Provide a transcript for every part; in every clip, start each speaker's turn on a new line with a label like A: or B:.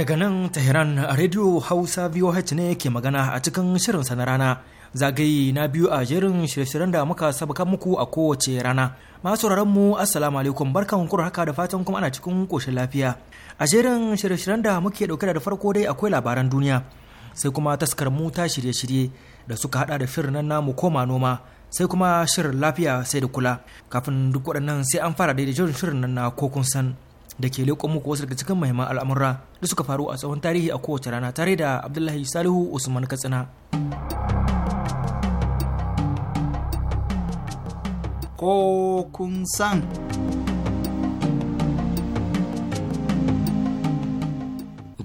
A: Daga nan Tehran Radio Hausa VOH ne ke magana a cikin shirin sa na rana. Zagaye na biyu a jerin shirye-shiryen da muka sabaka muku a kowace rana. Masu mu Assalamu alaikum barkan kura haka da fatan kuma ana cikin koshin lafiya. A jerin shirye-shiryen da muke dauke da farko dai akwai labaran duniya. Sai kuma taskar mu ta shirye-shirye da suka hada da shirin nan namu koma noma. sai kuma shirin lafiya sai da kula kafin duk waɗannan sai an fara daidai shirin nan na kokun san da ke leƙo muku wasu daga cikin mahimman al'amura da suka faru a tsawon tarihi a kowace rana tare da Abdullahi Salihu Usman Katsina. Ko kun san.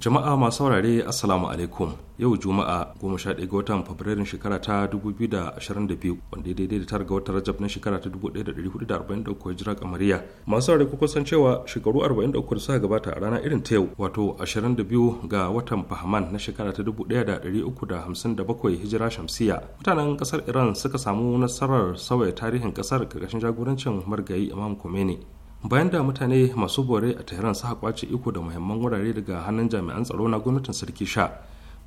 B: jama'a masu saurare assalamu alaikum yau juma'a 11 ga watan fabrairun shekara ta 2022 wanda ya daidai da tara ga watan rajab na shekara ta 1443 hijira kamariya masu saurare kuka san cewa shekaru 43 da suka gabata a rana irin ta yau wato 22 ga watan fahman na shekara ta 1357 hijira shamsiya mutanen kasar iran suka samu nasarar sauya tarihin kasar karkashin jagorancin margayi imam khomeini bayan da mutane masu bore a tehran suka kwace iko da muhimman wurare daga hannun jami'an tsaro na gwamnatin sarki sha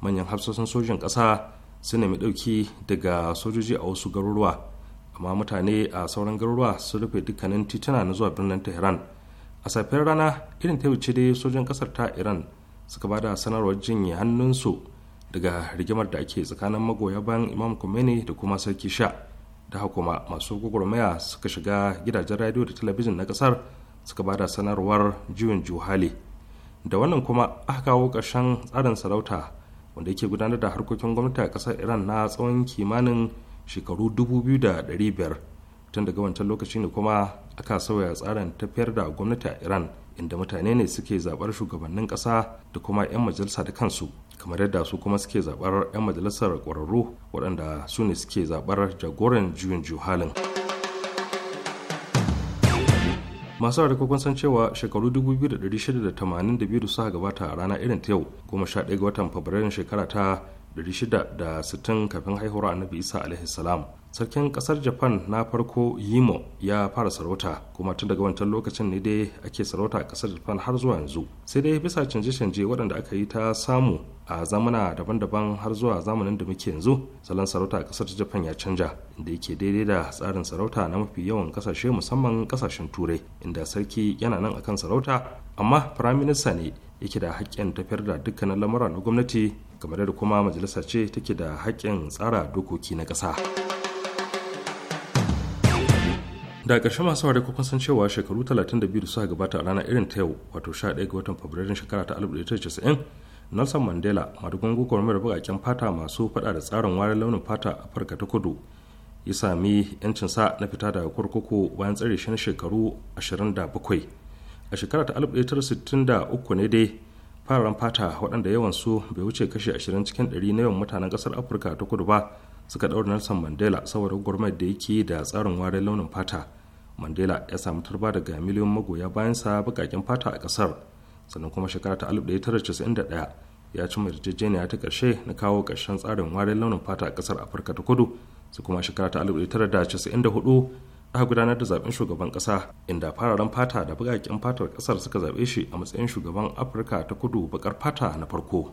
B: manyan hafsoshin sojin ƙasa su nemi ɗauki daga sojoji a wasu garuruwa amma mutane a sauran garuruwa sun rufe dukkanin tituna na zuwa birnin tehran a safiyar rana irin ta wuce dai sojin ƙasar ta iran suka ba da sanarwar jinye hannunsu daga rigimar da ake tsakanin magoya bayan imam khomeini da kuma sarki sha da kuma masu gwagwarmaya suka shiga gidajen radio da talabijin na kasar suka bada sanarwar juyin juhali da wannan kuma aka kawo ƙarshen tsarin sarauta wanda yake gudanar da harkokin gwamnati a ƙasar iran na tsawon kimanin shekaru 2,500 tun daga wancan lokaci ne kuma aka sauya tsarin tafiyar da gwamnati a iran inda mutane ne suke zaɓar shugabannin ƙasa da kuma 'yan majalisa da kansu kamar yadda su kuma suke zaɓar 'yan majalisar ƙwararru waɗanda su ne suke zaɓar jagoran juyin juhalin masu harkokin san cewa shekaru 2682 da suka gabata a rana irin ta yau goma sha ɗaya ga watan fabrairun shekara ta 660 kafin haihuwar annabi isa alaihi salam sarkin kasar japan na farko yimo ya fara sarauta kuma tun daga wancan lokacin ne dai ake sarauta a kasar japan har zuwa yanzu sai dai bisa canje-canje waɗanda aka yi ta samu a zamana daban-daban har zuwa zamanin da muke yanzu salon sarauta a kasar japan ya canja inda yake daidai da tsarin sarauta na mafi yawan kasashe musamman kasashen turai inda sarki yana nan akan sarauta amma firaminista ne yake da haƙƙin tafiyar da dukkanin lamura na gwamnati kamar da kuma majalisa ce take da haƙƙin tsara dokoki na ƙasa. da ƙarshe masu ware kun san cewa shekaru 32 da suka gabata a ranar irin ta yau wato 11 ga watan fabrairun shekara ta 1990 nelson mandela madugun gwagwarmayar bukakin fata masu fada da tsarin wari launin fata a afirka ta kudu ya sami yancin sa na fita daga kurkuku bayan tsare shi na shekaru 27 a shekara ta 1963 ne dai fararen fata waɗanda yawan su bai wuce kashi 20 cikin 100 na yawan mutanen ƙasar afirka ta kudu ba suka ɗaura nelson mandela saboda gwamnati da yake da tsarin wari launin fata mandela ya samu tarba daga miliyon magoya bayan sa bukakin fata a ƙasar sannan kuma shekara ta 1991 ya ci yarjejeniya ta ƙarshe na kawo ƙarshen tsarin warin launin fata a ƙasar afirka ta kudu su kuma shekara ta 1994 aka gudanar da zaben shugaban ƙasa inda fararen fata da bugaƙen fatar ƙasar suka zaɓe shi a matsayin shugaban afirka ta kudu baƙar fata na farko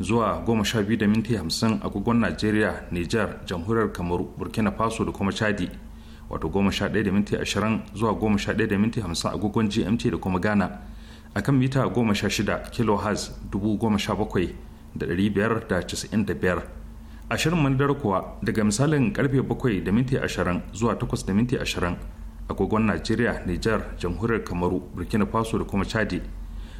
B: zuwa goma sha biyu da agogon najeriya niger jamhuriyar kamaru burkina faso da kuma chadi wato goma sha ɗaya da minti zuwa goma sha ɗaya agogon gmt da kuma ghana a kan mita goma sha shida A dubu goma sha bakwai da da da biyar ashirin kuwa daga misalin karfe bakwai da minti ashirin zuwa takwas da minti agogon najeriya niger jamhuriyar kamaru burkina faso da kuma chadi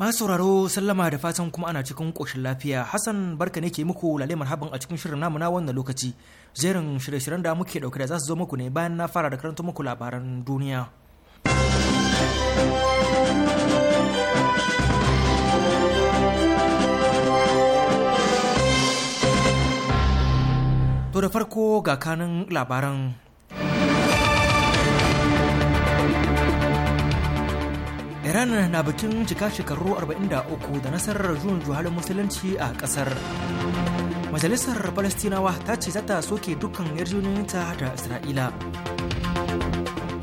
A: masu sauraro sallama da fatan kuma ana cikin ƙoshin lafiya hassan barka ne ke muku lalle marhaban a cikin shirin namu na wannan lokaci jerin shirye-shiryen da muke dauke da za su zo muku ne bayan na fara da karanta muku labaran duniya to da farko ga kanin labaran Iran na bikin cika shekaru 43 da nasarar juyin juhalin musulunci a ƙasar. Majalisar Falastinawa ta ce zata soke dukkan yarjejeniyarta da Isra'ila.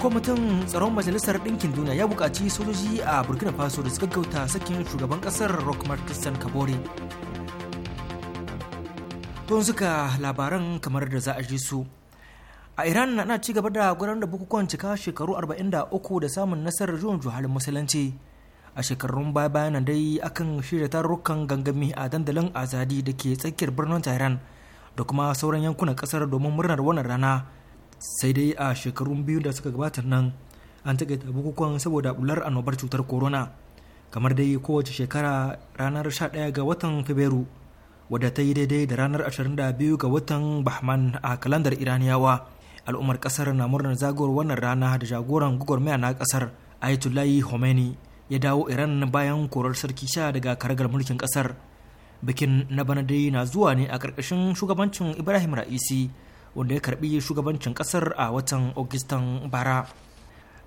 A: Kwamitin tsaron Majalisar Ɗinkin Duniya ya buƙaci sojoji a Burkina Faso da su gaggauta sakin shugaban ƙasar Rock Christian Kabore. Don suka labaran kamar da za a ji su. a iran na ci gaba da gudanar da bukukuwan cika shekaru 43 da samun nasarar juyin juhalin musulunci a shekarun baya bayan dai akan shirya tarurrukan gangami a dandalin azadi da ke tsakiyar birnin tehran da kuma sauran yankunan kasar domin murnar wannan rana sai dai a shekarun biyu da suka gabata nan an taƙaita bukukuwan saboda bular annobar cutar corona kamar dai kowace shekara ranar 11 ga watan fabrairu wadda ta yi daidai da ranar 22 ga watan bahman a kalandar iraniyawa al'ummar kasar na murnar zagawar wannan rana da jagoran gwagwarmaya na kasar ayatollah khomeini ya dawo iran bayan korar sarki sha daga karagar mulkin kasar bikin na bana dai na zuwa ne a ƙarƙashin shugabancin ibrahim ra'isi wanda ya karbi shugabancin kasar a watan augustan bara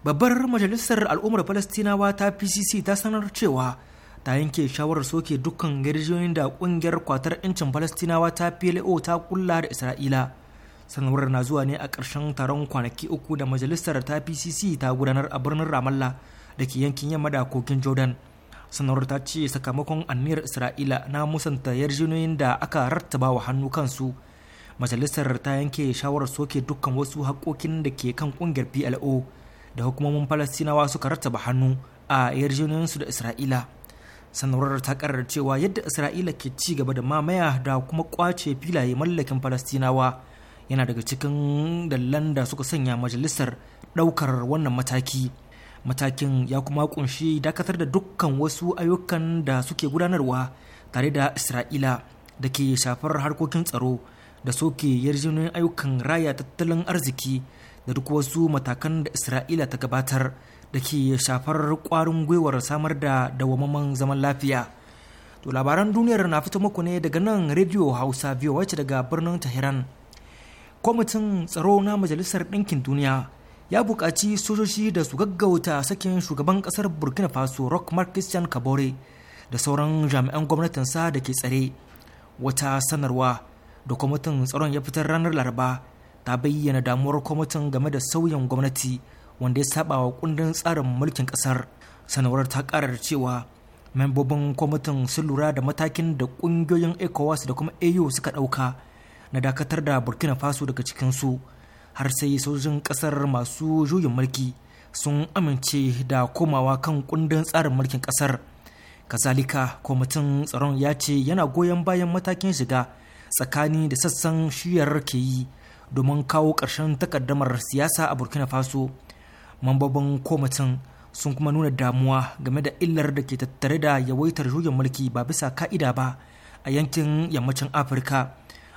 A: babbar majalisar al'ummar palestinawa ta pcc ta sanar cewa ta yanke shawarar soke dukkan garjiyoyin da kungiyar kwatar 'yancin palestinawa ta plo ta kulla da isra'ila sanarwar na zuwa ne a ƙarshen taron kwanaki uku da majalisar ta pcc ta gudanar a birnin ramallah da ke yankin yamma da kogin jordan sanarwar ta ce sakamakon anniyar isra'ila na musanta yarjinoyin da aka rattaba wa hannu kansu majalisar ta yanke shawarar soke dukkan wasu haƙoƙin da ke kan ƙungiyar plo da hukumomin falastinawa suka rattaba hannu a yarjinoyinsu da isra'ila sanarwar ta karar cewa yadda isra'ila ke ci gaba da mamaya da kuma kwace filaye mallakin falastinawa yana daga cikin dalilan da suka sanya majalisar ɗaukar wannan mataki matakin ya kuma kunshi dakatar da dukkan wasu ayyukan da suke gudanarwa tare da isra'ila da ke shafar harkokin tsaro da soke yarjinin ayyukan raya tattalin arziki da duk wasu matakan da isra'ila ta gabatar da ke shafar kwarin gwiwar samar da dawamaman zaman lafiya to labaran duniyar na fito muku ne daga nan radio hausa biyu wacce daga birnin tehran kwamitin tsaro na majalisar ɗinkin duniya ya buƙaci sojoji da su gaggauta sakin shugaban ƙasar burkina faso rock mark christian kabore da sauran jami'an gwamnatinsa da ke tsare wata sanarwa da kwamitin tsaron ya fitar ranar laraba ta bayyana damuwar kwamitin game da sauyin gwamnati wanda ya saba wa kundin tsarin mulkin ƙasar sanarwar ta ƙarar cewa membobin kwamitin sun lura da matakin da ƙungiyoyin ecowas da kuma au suka ɗauka na dakatar da burkina faso daga cikinsu har sai sojin kasar masu juyin mulki sun amince da komawa kan kundin tsarin mulkin kasar kazalika kwamitin tsaron ya ce yana goyon bayan matakin shiga tsakani da sassan shiyar ke yi domin kawo ƙarshen takaddamar siyasa a burkina faso mambobin kwamitin sun kuma nuna damuwa game da illar da ke tattare da yawaitar juyin mulki ba bisa ka'ida ba a yankin yammacin afirka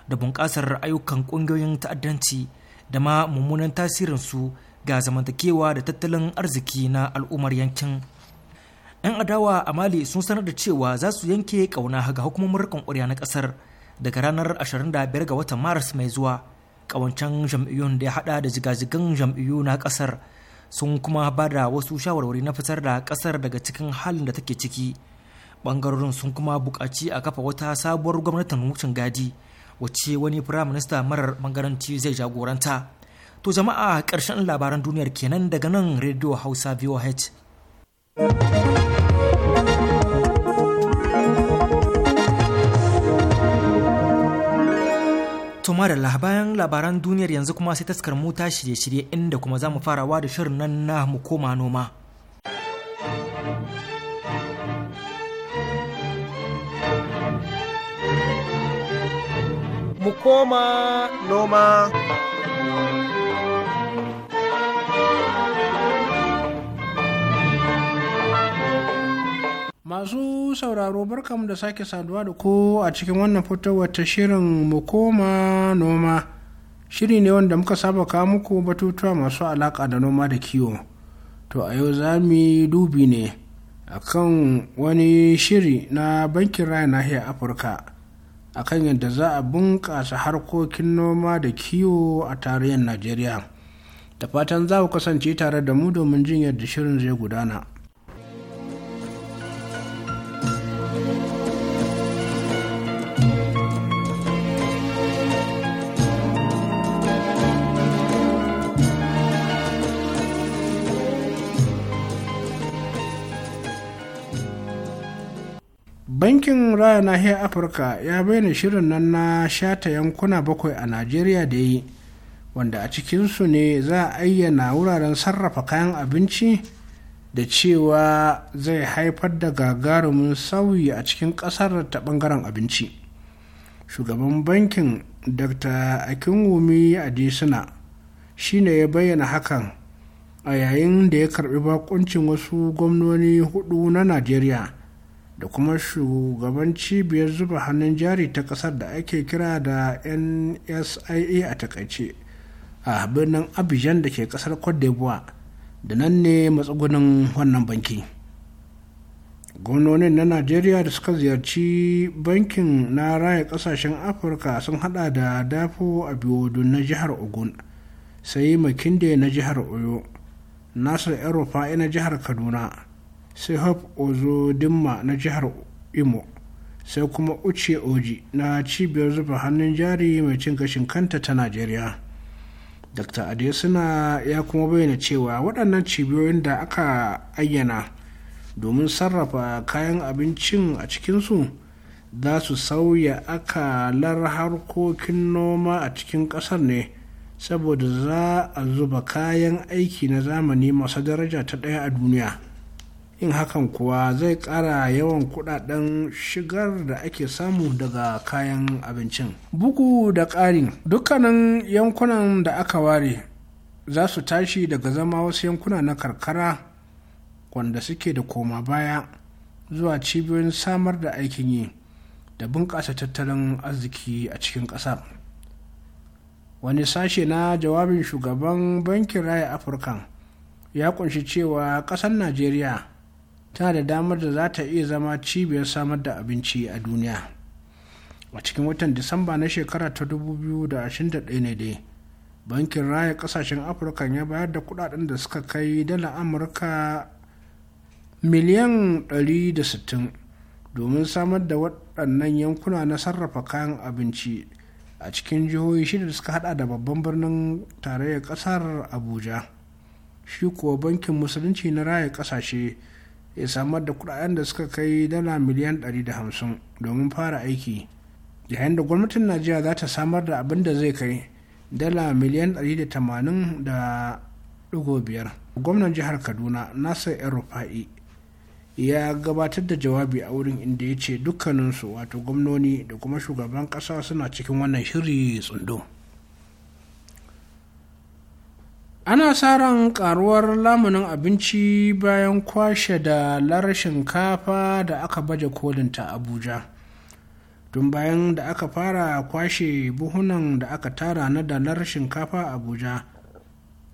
A: da bunƙasar ayyukan ƙungiyoyin ta'addanci da ma mummunan tasirinsu ga zamantakewa da tattalin arziki na al'ummar yankin. 'Yan adawa a Mali sun sanar da cewa za su yanke ƙauna ga hukumomin riƙon ƙwarya na ƙasar daga ranar 25 ga watan Maris mai zuwa. Ƙawancen jam'iyyun da ya haɗa da jigajigan jam'iyyu na ƙasar sun kuma ba da wasu shawarwari na fitar da ƙasar daga cikin halin da take ciki. Ɓangarorin sun kuma buƙaci a kafa wata sabuwar gwamnatin wucin gadi. wacce wani firaminista marar mangaranci zai jagoranta to jama'a ƙarshen labaran duniyar kenan daga nan rediyo hausa voh Tumarala da labaran duniyar yanzu kuma sai taskar mu ta shirye-shirye inda kuma za mu farawa da shirin nan na mu koma noma. mu koma
C: noma. Masu sauraro barkamu da sake saduwa da ko a cikin wannan fitowar ta shirin mu koma noma. Shiri ne wanda muka saba kawo muku batutuwa masu alaƙa da noma da kiwo. To a yau za mu dubi ne akan wani shiri na bankin raya nahiyar Afirka. akan yadda za a bunƙasa harkokin noma da kiwo a tarayyar najeriya da fatan za ku kasance tare da mu domin jin yadda shirin zai gudana bankin raya nahiyar afirka ya bayyana shirin nan na shata yankuna bakwai a najeriya da yi wanda a cikinsu ne za a ayyana wuraren sarrafa kayan abinci da cewa zai haifar da gagarumin sauyi a cikin ƙasar ta ɓangaren abinci shugaban bankin dr akinwumi adesina shine ya bayyana hakan a yayin da ya karbi bakuncin wasu gwamnoni hudu na najeriya da kuma shugaban cibiyar zuba hannun jari ta kasar da ake kira da nsia a takaice a birnin abijan da ke kasar cote da nan ne matsugunin wannan banki gwamnonin na najeriya da suka ziyarci bankin na raya kasashen afirka sun hada da dafo abiodun na jihar ogun sai makinde na jihar oyo nasir eropa na jihar kaduna sai Ozo ozodinma na jihar imo sai kuma uche oji na cibiyar zuba hannun jari mai cin gashin kanta ta najeriya dr adesina ya kuma bayyana cewa waɗannan cibiyoyin da aka ayyana domin sarrafa kayan abincin a cikinsu za su sauya akalar harkokin noma a cikin ƙasar ne saboda za a zuba kayan aiki na zamani masu daraja ta ɗaya a duniya in hakan kuwa zai ƙara yawan kudaden shigar da ake samu daga kayan abincin bugu da ƙari dukkanin yankunan da aka ware za su tashi daga zama wasu yankuna na karkara wanda suke da koma baya zuwa cibiyoyin samar da aikin yi da bunƙasa tattalin arziki a cikin ƙasa. wani sashe na jawabin shugaban bankin raya afirka ya ƙunshi cewa ƙasar najeriya ta da damar da za ta iya zama cibiyar samar da abinci a duniya a cikin watan disamba na shekara ta 2021 ne dai bankin raya kasashen afirka ya bayar da kudaden da suka kai dala amurka miliyan 160 domin samar da waɗannan yankuna na sarrafa kayan abinci a cikin jihohi shida da suka hada da babban birnin tarayyar kasar abuja shi kuwa bankin musulunci na raya kasashe ya samar da kudaden da suka kai dala miliyan 150 domin fara aiki yayin da gwamnatin najeriya za ta samar da abin da zai kai dala miliyan 180 da biyar gwamnan jihar kaduna nasir yan rufa'i ya gabatar da jawabi a wurin inda ya ce dukkaninsu wato gwamnoni da kuma shugaban kasa suna cikin wannan shiri tsundo. ana sa ran karuwar lamunin abinci bayan kwashe da dalar shinkafa da aka baje kolinta abuja tun bayan da aka fara kwashe buhunan da aka tara na dalar shinkafa abuja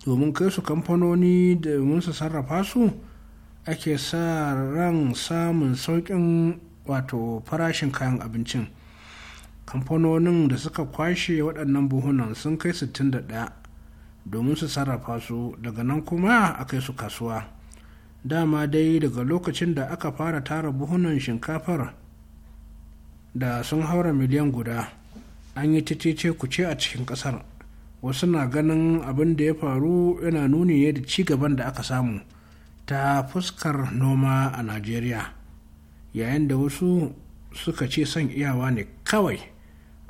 C: domin kai su kamfanoni domin su sarrafa su ake sa ran samun sauƙin wato farashin kayan abincin kamfanonin da suka kwashe waɗannan buhunan sun kai 61 domin su sarrafa su daga nan kuma a kai su kasuwa dama dai daga lokacin da aka fara tara buhunan shinkafar da sun haura miliyan guda an yi titice ce a cikin kasar wasu na ganin abin da ya faru yana nuni ne da ci gaban da aka samu ta fuskar noma a najeriya yayin da wasu suka ce son iyawa ne kawai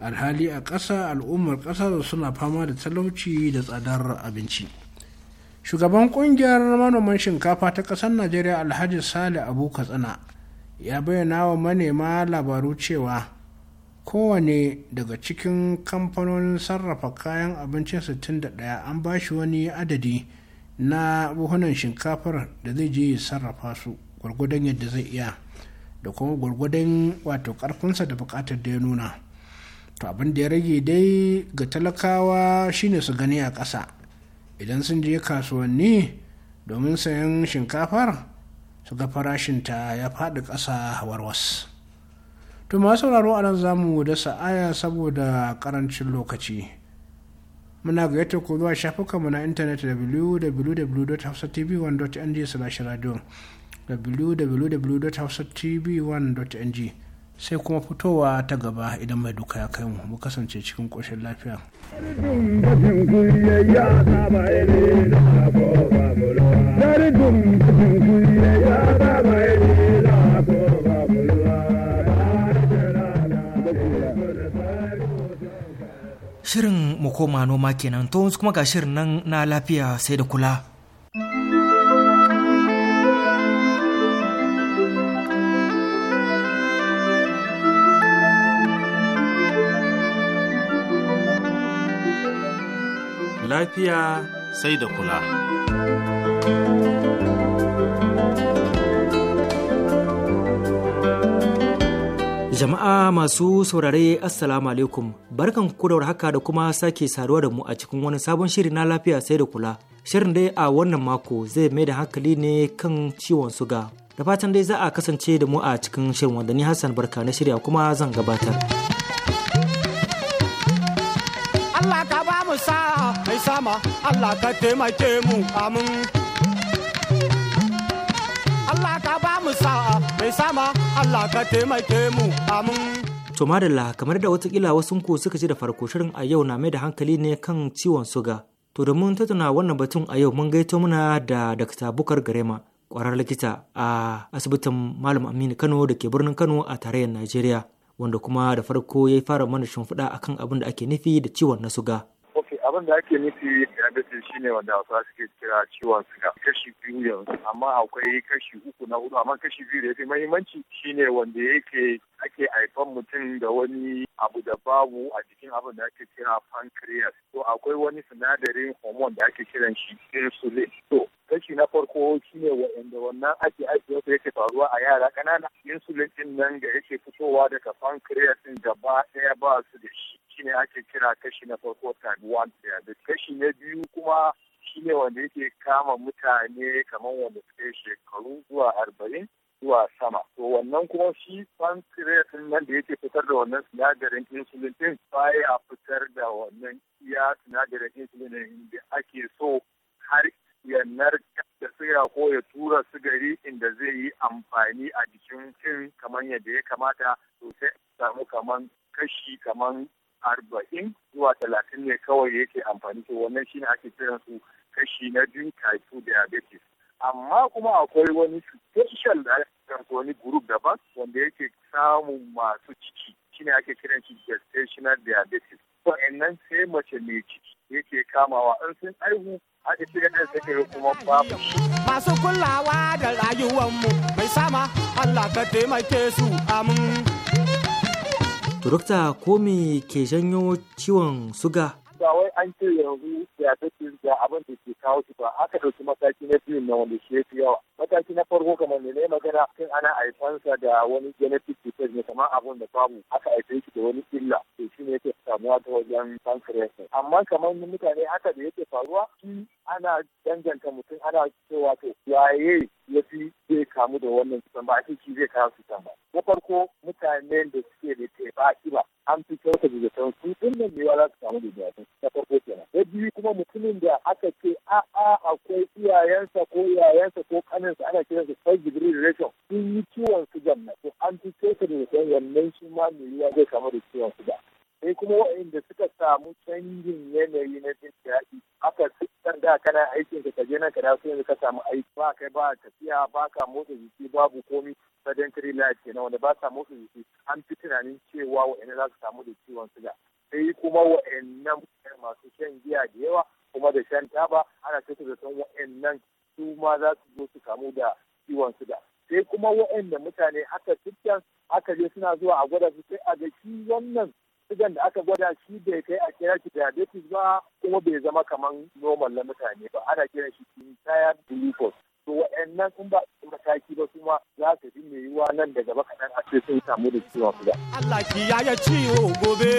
C: alhali a ƙasa al'ummar ƙasar suna fama da talauci da tsadar abinci shugaban ƙungiyar manoman shinkafa ta ƙasar najeriya alhaji sale abu katsina ya bayyana wa manema labaru cewa kowane daga cikin kamfanonin sarrafa kayan abincin 61 an ba shi wani adadi na buhunan shinkafar da zai je sarrafa su gwargwadon yadda zai iya da kuma gwargwadon wato karfinsa da bukatar da ya nuna to abin da ya rage dai ga talakawa shine su gani a ƙasa idan sun je kasuwanni domin sayan shinkafar su ga farashinta ya faɗi ƙasa warwas to masu sauraro a nan za mu dasa aya saboda ƙarancin lokaci muna gayyata ku zuwa mu na intanet www.hausatv1.ng/radio www.hausatv1.ng sai kuma fitowa ta gaba idan mai duka ya kai mu mu kasance cikin ƙoshin lafiya.
D: Shirin
A: mu koma noma kenan to kuma ga shirin nan na lafiya sai da kula.
B: lafiya sai da kula.
A: Jama'a masu saurare Assalamu alaikum barkan ku da haka da kuma sake saduwa da mu a cikin wani sabon shiri na lafiya sai da kula. Shirin dai a wannan mako zai mai da hankali ne kan ciwon suga. Da fatan dai za a kasance da mu a cikin shirin wanda ni Hassan Barka na shirya kuma zan gabatar.
E: sama Allah ka taimake mu amin.
A: Allah ka ba mu sa'a mai sama Allah ka taimake mu amin. To madalla kamar da watakila wasu ku suka ji da farko shirin a yau na mai da hankali ne kan ciwon suga. To domin tattauna wannan batun a yau mun gaito muna da Dr. Bukar Garema kwarar likita a asibitin Malam Aminu Kano da ke birnin Kano a tarayyar Najeriya. Wanda kuma da farko ya fara mana shimfiɗa akan abin da ake nufi da ciwon na suga.
E: abin da ake nufi shi shine wanda hausa suke kira ciwon suga kashi biyu yanzu amma akwai kashi uku na hudu amma kashi biyu da ya fi mahimmanci shine wanda yake ake haifan mutum da wani abu da babu a jikin abin da ake kira pancreas to akwai wani sinadarin hormone da ake kiran shi insulin to kashi na farko shine wanda wannan ake aiki wasu yake faruwa a yara kanana insulin din nan da yake fitowa daga pancreas din gaba ɗaya ba su da shi shine ake kira kashi na farko type 1 da kashi na biyu kuma shine wanda yake kama mutane kamar wanda suke shekaru zuwa arba'in zuwa sama to wannan kuma shi pancreas nan da yake fitar da wannan sinadarin insulin din baya fitar da wannan iya sinadarin insulin da ake so har ya da siga ko ya tura sigari inda zai yi amfani a jikin cin kamar yadda ya kamata to sai samu kamar kashi kamar arba'in zuwa talatin ne kawai yake amfani to wannan shine ake kiran su kashi na jin type 2 diabetes amma kuma akwai wani special da ake wani group daban wanda yake samun masu ciki shine ake kiran shi gestational diabetes wa'annan sai mace mai ciki yake kamawa an sun aihu aka shiga ɗan sai kuma babu masu kulawa da mu mai sama Allah ka taimake su amin
A: Dokta ko me ke janyo ciwon suga?
E: Ba wai an ce yanzu ya tafi da abin da ke kawo shi ba aka ɗauki mataki na biyu na wanda shi ya fi yawa mataki na farko kamar ne magana kan ana haifansa da wani genetic disease ne kamar abin da babu aka haife shi da wani illa to shi ne yake samuwa ta wajen pancreas amma kamar mutane haka da yake faruwa shi ana danganta mutum ana cewa to yaye ya fi zai kamu da wannan cutan ba a ce shi zai kawo cutan ba na farko mutanen da suke da teɓa kiba an fi kyauta da zaton su nan ne za su kamu da zaton farko kenan na biyu kuma mutumin da aka ce a'a akwai iyayensa ko iyayensa ko kaninsa ana kiran su first degree relation sun yi ciwon sugan na to an fi sai da mutum wannan shi ma mai yiwa zai kamu da ciwon suga sai kuma waɗanda suka samu canjin yanayi na jin daɗi aka sitar da kana aikin ka je nan ka dawo yanzu ka samu aiki ba kai ba tafiya ba ka motsa jiki babu komi sedentary life kenan wanda ba ka motsa jiki an fi tunanin cewa waɗanda za su samu da ciwon suga sai kuma wa'annan masu shan giya da yawa kuma da shan taba ana cikin da san wa'annan su ma za su zo su kamu da ciwon suga sai kuma wa'anda mutane aka cikin aka je suna zuwa a gwada su sai a ga shi wannan sugan da aka gwada shi bai kai a kira shi diabetes ba kuma bai zama kamar normal na mutane ba ana kiran shi tired glucose to wa'annan sun ba za ka ji mai yiwa nan da gaba kaɗan a
A: ce sun samu da ciwon suga.
E: Allah ki ya ciwo gobe.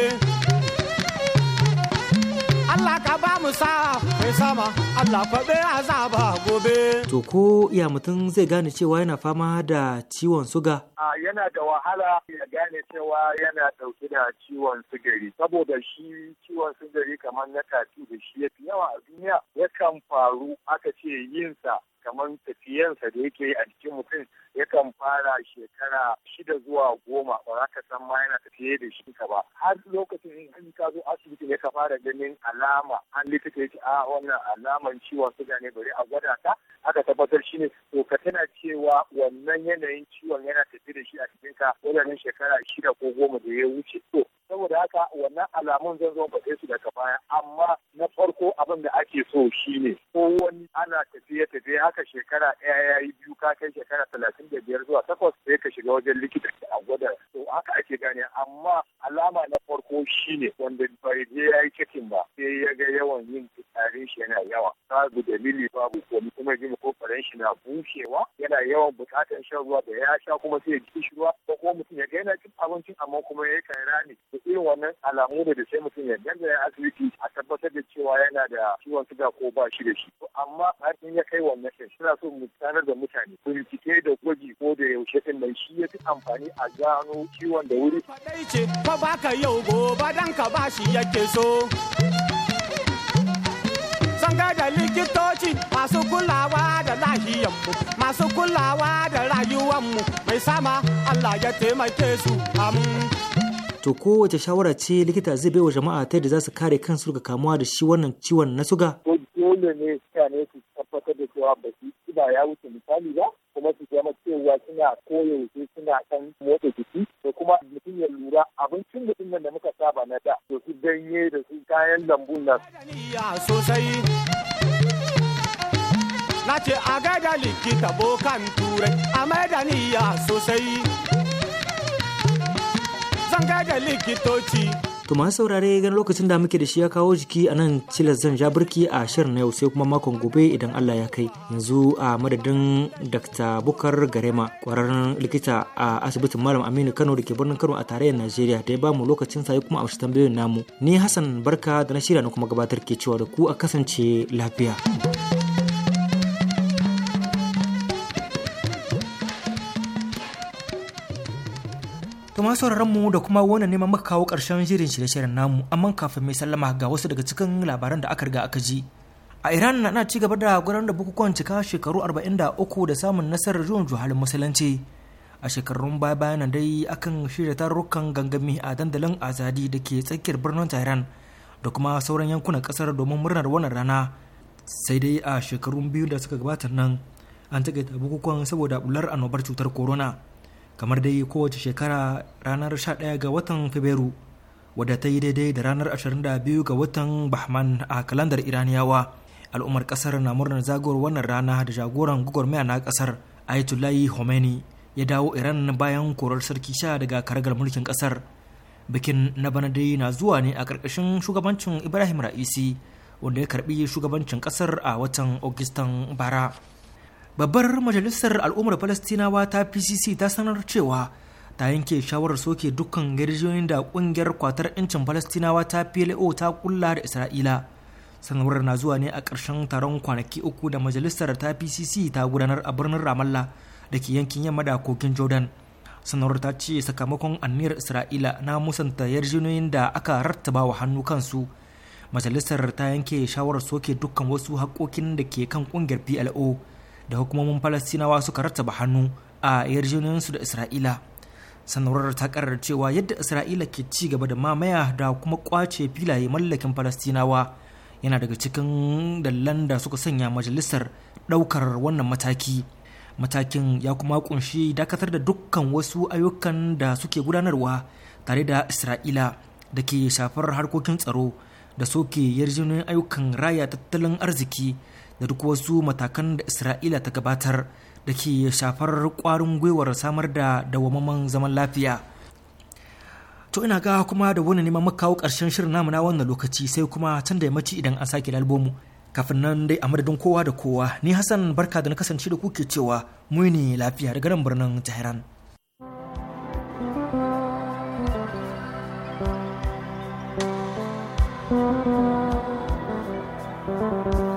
E: Allah ka ba mu sa mai sama Allah kwaɓe azaba gobe.
A: To ko ya mutum zai gane cewa yana fama da ciwon suga?
E: A yana da
C: wahala
E: ya gane cewa yana ɗauke da ciwon sugari. Saboda shi ciwon sugari kamar na tatu da shi ya yawa a duniya yakan faru aka ce yinsa kamar tafiyansa da yake a jikin mutum yakan fara shekara shida zuwa goma ba za ka san ma yana tafiye da shi ka ba har lokacin in an ka zo asibiti ne ka fara ganin alama an likita yake a ah, wannan alaman ciwon suga ne bari a gwada ta aka tabbatar shi ne to ka tana cewa wannan yanayin ciwon yana tafi da shi a cikin ka wajen shekara shida ko goma da ya wuce to saboda haka wannan alamun zan zo sai su daga baya amma na farko abin da ake so shi ne ko wani ana tafiye-tafiye haka shekara ɗaya ya yi biyu ka kai shekara talatin da biyar zuwa takwas sai ka shiga wajen likita a gwada to haka ake gane amma alama na farko shine wanda bai je ya yi cikin ba sai ya ga yawan yin fitsarin shi yana yawa babu dalili babu komai kuma ko kokarin shi na bushewa yana yawan buƙatar shan ruwa da ya sha kuma sai ya ji shi ruwa ko kuma mutum ya ga yana cin abincin amma kuma ya kan rani da irin wannan alamu da sai mutum ya garzaya asibiti tabbatar da cewa yana da ciwon suga ko ba shi da shi amma har in ya kai wannan din suna so mu tsanar da mutane bincike da gwaji ko da yaushe din nan shi ya fi amfani a gano ciwon da wuri. Fadai ce fa baka yau gobe dan ka ba shi yake so. Sanga da likitoci masu kulawa da lahiyanmu masu kulawa da rayuwanmu mai sama Allah ya taimake su amin.
A: to kowace shawara ce likita zai bai wa jama'a ta yadda za su kare kansu daga kamuwa da shi wannan ciwon na suga
E: dole ne ne su tabbatar da cewa ba su kiba ya wuce misali ba kuma su zama cewa suna koyaushe suna kan motsa jiki da kuma mutum ya lura abincin mutum ɗin da muka saba na da to su ganye da su kayan lambun nan na ce a gaida likita bokan turai a maida sosai zan da likitoci.
A: To masu saurare gan lokacin da muke da shi ya kawo jiki a nan cilas zan ja birki a shirin na yau sai kuma makon gobe idan Allah ya kai. Yanzu a madadin Dr. Bukar Garema kwararren likita a asibitin Malam Aminu Kano da ke birnin Kano a tarayyar Najeriya da ya ba mu lokacin sa kuma a wasu tambayoyin namu. Ni Hassan Barka da na shirya na kuma gabatar ke cewa da ku a kasance lafiya. To masu mu da kuma wannan neman muka kawo karshen shirin shirye-shiryen namu amma kafin mai sallama ga wasu daga cikin labaran da aka riga aka ji. A Iran na ci gaba da gudanar da bukukuwan cika shekaru arba'in da uku da samun nasarar zuwan juhalin musulunci. A shekarun baya bayan dai akan shirya tarurrukan gangami a dandalin azadi da ke tsakiyar birnin Tehran da kuma sauran yankunan kasar domin murnar wannan rana. Sai dai a shekarun biyu da suka gabata nan an taƙaita bukukuwan saboda bular annobar cutar corona. kamar dai kowace shekara ranar 11 ga watan fabrairu wadda ta yi daidai da ranar 22 ga watan bahman a kalandar iraniyawa al'ummar kasar na murnar zagawar wannan rana da jagoran gwagwarmaya na kasar ayatollahi khomeini ya dawo iran bayan korar sarki sha daga karagar mulkin kasar bikin na bana dai na zuwa ne a ƙarƙashin shugabancin ibrahim ra'isi wanda ya karbi shugabancin kasar a watan augustan bara babbar majalisar al'ummar falastinawa ta pcc ta sanar cewa ta yanke shawarar soke dukkan garjiyoyin da kungiyar kwatar 'yancin falastinawa ta plo ta kulla da isra'ila sanarwar na zuwa ne a ƙarshen taron kwanaki uku da majalisar ta pcc ta gudanar a birnin ramallah da ke yankin yamma da kogin jordan sanarwar ta ce sakamakon anniyar isra'ila na musanta yarjinoyin da aka rattaba wa hannu kansu majalisar ta yanke shawarar soke dukkan wasu haƙoƙin da ke kan ƙungiyar plo da hukumomin falastinawa suka rattaba hannu a yarjejeniyarsu da isra'ila sanarwar ta karar cewa yadda isra'ila ke ci gaba da mamaya da kuma kwace filaye mallakin falastinawa yana daga cikin dallan da suka sanya majalisar daukar wannan mataki matakin ya kuma kunshi dakatar da dukkan wasu ayyukan da suke gudanarwa tare da isra'ila da ke shafar harkokin tsaro da soke yarjejeniyar ayyukan raya tattalin arziki da duk wasu matakan da isra'ila ta gabatar da ke shafar kwarin gwiwar samar da dawamaman zaman lafiya to ina ga kuma da wani neman makawo karshen shirin namu na wannan lokaci sai kuma can da yammaci idan an sake lalbomu kafin nan dai a madadin kowa da kowa ni hassan barka da na kasance da kuke cewa mu ne lafiya daga nan birnin tehran
D: thank you